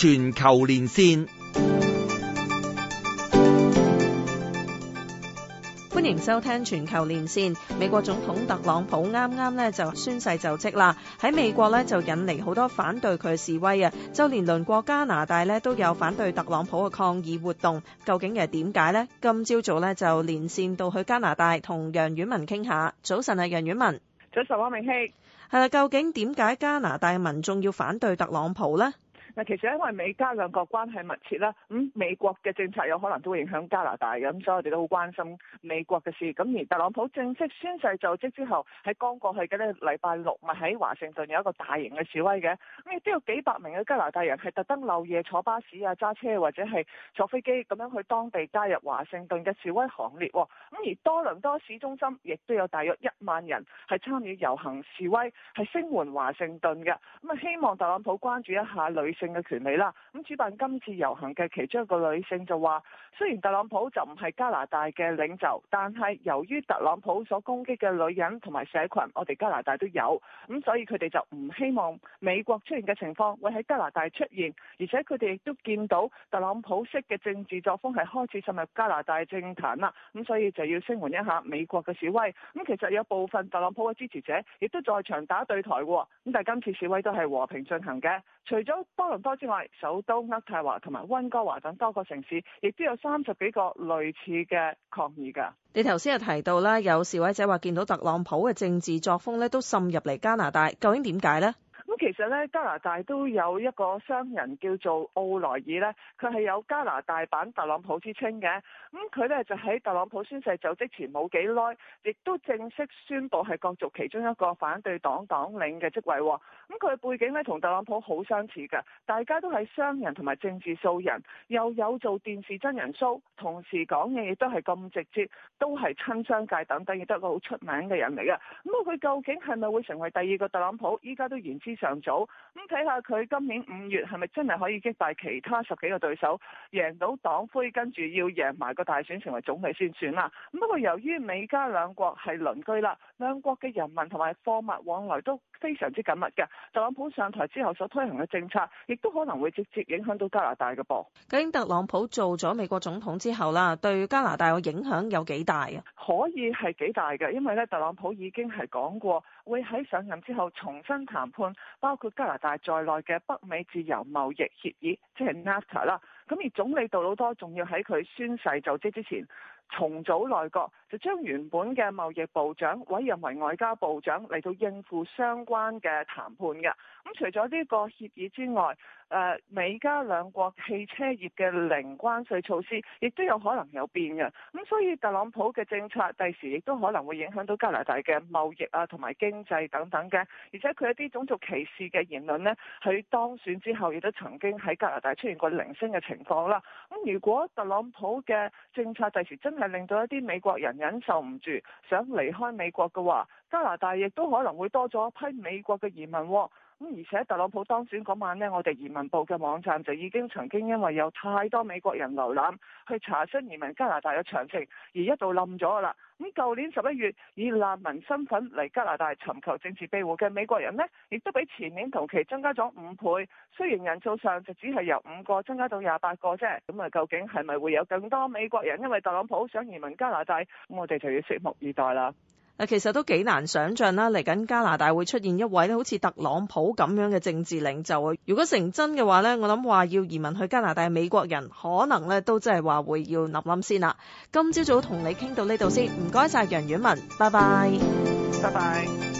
全球連線，歡迎收聽全球連線。美國總統特朗普啱啱咧，就宣誓就職啦，喺美國咧，就引嚟好多反對佢示威啊。就連鄰國加拿大咧，都有反對特朗普嘅抗議活動，究竟係點解呢？今朝早咧，就連線到去加拿大同楊婉文傾下。早晨啊，楊婉文。早晨，汪溟曦。係啦，究竟點解加拿大民眾要反對特朗普呢？其實因為美加兩國關係密切啦，咁美國嘅政策有可能都會影響加拿大嘅，咁所以我哋都好關心美國嘅事。咁而特朗普正式宣誓就職之後，喺剛過去嘅呢禮拜六，咪喺華盛頓有一個大型嘅示威嘅，咁亦都有幾百名嘅加拿大人係特登漏夜坐巴士啊、揸車或者係坐飛機咁樣去當地加入華盛頓嘅示威行列。咁而多倫多市中心亦都有大約一萬人係參與遊行示威，係聲援華盛頓嘅。咁啊，希望特朗普關注一下女性嘅權利啦，咁主辦今次遊行嘅其中一個女性就話：雖然特朗普就唔係加拿大嘅領袖，但係由於特朗普所攻擊嘅女人同埋社群，我哋加拿大都有，咁所以佢哋就唔希望美國出現嘅情況會喺加拿大出現，而且佢哋亦都見到特朗普式嘅政治作風係開始滲入加拿大政壇啦，咁所以就要聲援一下美國嘅示威。咁其實有部分特朗普嘅支持者亦都在場打對台，咁但係今次示威都係和平進行嘅，除咗多多之外，首都渥太華同埋溫哥華等多個城市，亦都有三十幾個類似嘅抗議㗎。你頭先又提到啦，有示威者話見到特朗普嘅政治作風咧，都滲入嚟加拿大，究竟點解咧？其實咧，加拿大都有一個商人叫做奧萊爾呢，佢係有加拿大版特朗普之稱嘅。咁佢咧就喺特朗普宣誓就職前冇幾耐，亦都正式宣布係角逐其中一個反對黨黨領嘅職位。咁佢嘅背景咧同特朗普好相似嘅，大家都係商人同埋政治素人，又有做電視真人 show，同時講嘢亦都係咁直接，都係親商界等等，亦都係一個好出名嘅人嚟嘅。咁、嗯、啊，佢究竟係咪會成為第二個特朗普？依家都言之尚強組，咁睇下佢今年五月係咪真係可以擊敗其他十幾個對手，贏到黨魁，跟住要贏埋個大選，成為總理先算啦。咁不過由於美加兩國係鄰居啦，兩國嘅人民同埋貨物往來都非常之緊密嘅。特朗普上台之後所推行嘅政策，亦都可能會直接影響到加拿大嘅噃。究竟特朗普做咗美國總統之後啦，對加拿大嘅影響有幾大啊？可以係幾大嘅，因為咧，特朗普已經係講過會喺上任之後重新談判，包括加拿大在內嘅北美自由貿易協議，即係 NAFTA 啦。咁而總理杜魯多仲要喺佢宣誓就職之前重組內閣，就將原本嘅貿易部長委任為外交部長嚟到應付相關嘅談判嘅。咁除咗呢個協議之外，誒，美加兩國汽車業嘅零關稅措施，亦都有可能有變嘅。咁所以特朗普嘅政策，第時亦都可能會影響到加拿大嘅貿易啊，同埋經濟等等嘅。而且佢一啲種族歧視嘅言論呢，佢當選之後亦都曾經喺加拿大出現過零星嘅情況啦。咁如果特朗普嘅政策第時真係令到一啲美國人忍受唔住，想離開美國嘅話，加拿大亦都可能會多咗一批美國嘅移民喎。咁而且特朗普當選嗰晚呢，我哋移民部嘅網站就已經曾經因為有太多美國人瀏覽，去查詢移民加拿大嘅詳情，而一度冧咗噶啦。咁舊年十一月以難民身份嚟加拿大尋求政治庇護嘅美國人呢，亦都比前年同期增加咗五倍，雖然人數上就只係由五個增加到廿八個啫。咁啊，究竟係咪會有更多美國人因為特朗普想移民加拿大？咁我哋就要拭目以待啦。其實都幾難想象啦，嚟緊加拿大會出現一位好似特朗普咁樣嘅政治領袖啊！如果成真嘅話呢，我諗話要移民去加拿大嘅美國人，可能呢都真係話會要諗諗先啦。今朝早同你傾到呢度先，唔該晒楊婉文，拜拜，拜拜。